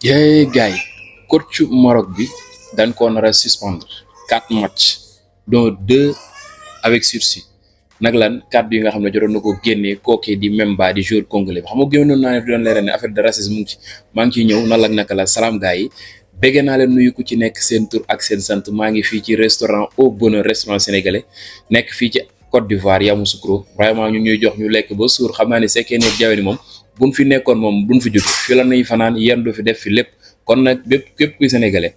yee gars yi coachu Maroc bi dañ ko nar a suspendre quatre matchs dont deux avec sursis nag lan kàddu yi nga xam ne joro na ko génnee kookee di Memba di joueur congolais bi xam nga génnoon naa ne doon leeral ne affaire de racisme mu ngi ci maa ngi ciy ñëw nan la naka la salaam gars yi béggee naa leen nuyu ku ci nekk seen tur ak seen sant maa ngi fii ci restaurant au bonheur restaurant sénégalais nekk fii ci Côte d'Ivoire Yamoussoukro vraiment ñu ñuy jox ñu lekk ba suur xam naa ne sekkee nekk jawee ni moom buñ fi nekkoon moom duñ fi jut fi la nuy fanaan yendu fi def fi lépp kon nag bépp képp kuy sénégalais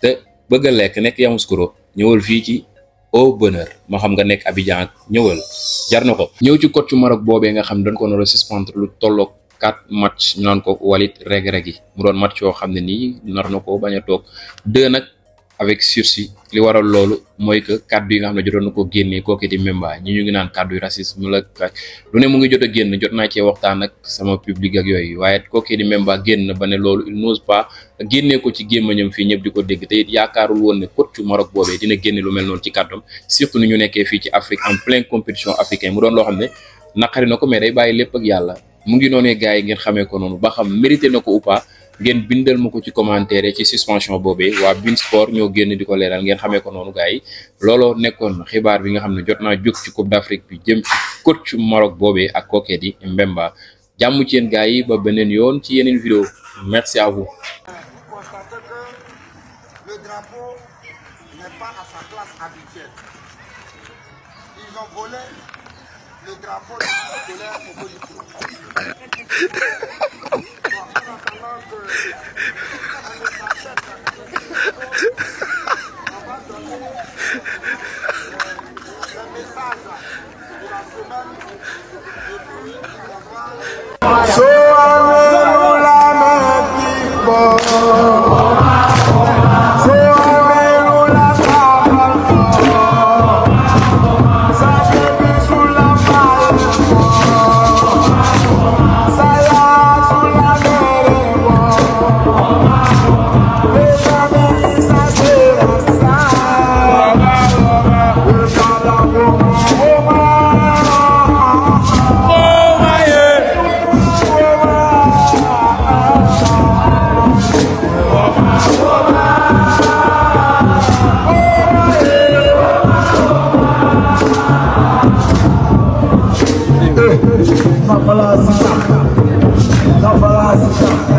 te bëgg a lekk nekk Yamoussoukro ñëwal fii ci Au Bonheur moo xam nga nekk Abidjan ñëwal jar na ko ñëw ci coach Maroc boobee nga xam ne dañ ko nar a suspendre lu tolloog quatre match ñu naan ko walit reg-reg yi mu doon match yoo xam ne nii nar na ko bañ a toog deux nag avec sursis li waral loolu mooy que kàddu yi nga xam ne jotoon na ko génnee kooku di Memba ñi ñu ngi naan kàddu yu racisme la lu ne mu ngi jot a génn naa cee waxtaan ak sama public ak yooyu waaye kooku di ba ne loolu il n'ose pas génnee ko ci gémmañam fii ñëpp di ko dégg te it yaakaarul woon ne coachu Maroc boobee dina génne lu mel noonu ci kàddoom surtout ni ñu nekkee fii ci Afrique en pleine compétition africaine mu doon loo xam ne naqari na ko mais day bàyyi lépp ak yàlla mu ngi noonee gars ngeen xamee ba ngeen bindal ma ko ci commentaire ci suspension boobee waa bin sport ñoo génn di ko leeral ngeen xamee ko noonu gaay looloo nekkoon xibaar bi nga xam ne jot naa jóg ci coupe d'Afrique bi jëm ci coach boobe ak kooke di Mbemba jàmm ci yéen gars yi ba beneen yoon ci yeneen vidéo merci à vous le drapeau de l'air au bout du trou. So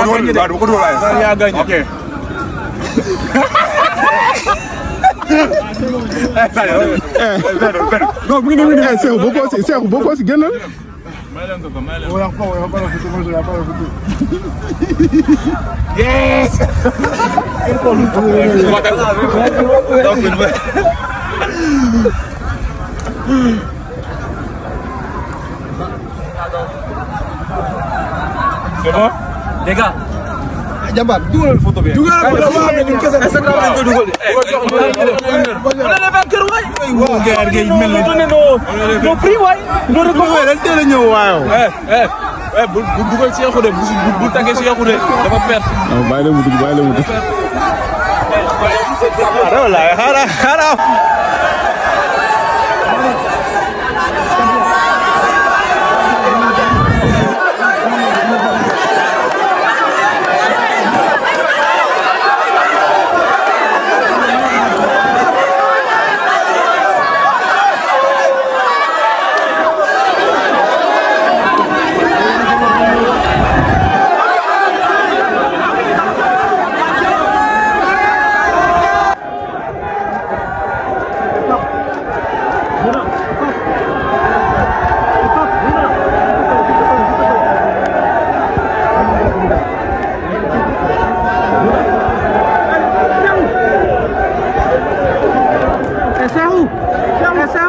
yaa gagné de Sarr yaa gagné. ok. non mu ngi nii Seex boo ko si Seex boo ko si génnal. Yes! C'est bon les gars. jàmbaar dugalal photo bi. dugalal photo bi est-ce que dama ko dugal. Eh, on est les vainqueurs waay. waaw gerte gi mel ni nos prix waay. nos récompenses lan teel a ñëw waaw. Eh, eh, bu bu dugal si yaxu de bu bu tàggee si yaxu de dafa perte. waaw ah, bàyyi la mu dugg bàyyi la mu dugg. xaaral ah, xaaral.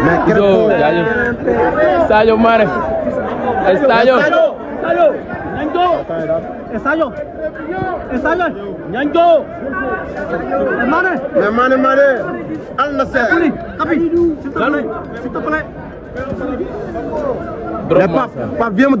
Iso jaajëf Sadio Mané Sadio ñanjo Sadio Sadio ñanjo Mané Mané Mané Al Nassr abi s'il te plaît Mais Pape, Pape, viens me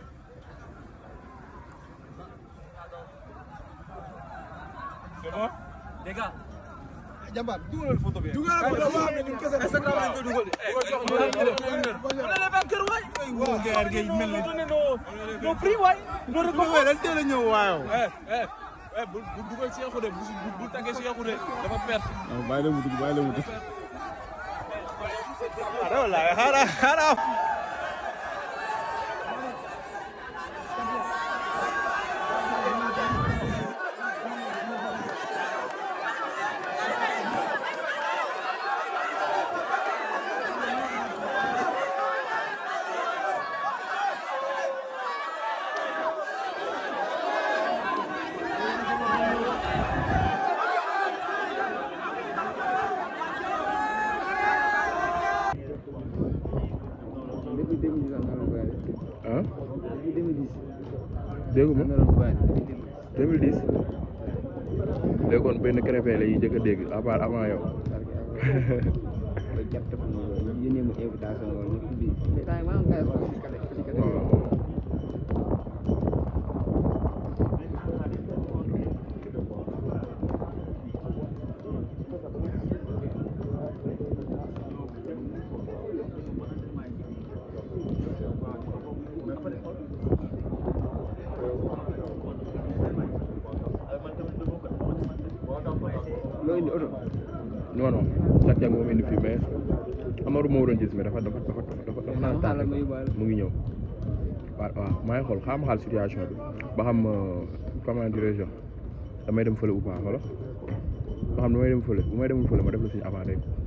jàmbaar dugalal photo bi dugalal photo waaw ñu kese Instagram lañ ko dugal on est le vainqueur waay waaw gaar gay mel ni no prix waay do rek ko waay dañ teel a ñëw waaw eh eh bu dugal Cheikhou de bu tàggee Cheikhou de dafa perte bàyyi la mu dugg bàyyi la mu dugg xaaral xaaral ah. 2010. déggu ma 2010. léegi kon benn crépin la ñuy njëkk a dégg à part avant yow. jàpp te fu mu yónnee mu invitation indi oto non non sax jàng moom indi fii mais Amadou moo waroon mais dafa dafa dafa dafa dafa naan tànn mu ngi ñëw waaw waaw maa ngi xool xam xaal situation bi ba xam comment dirais-je damay dem fële ou pas wala ba xam damay dem fële bu may demul fële ma def la suñu avant rek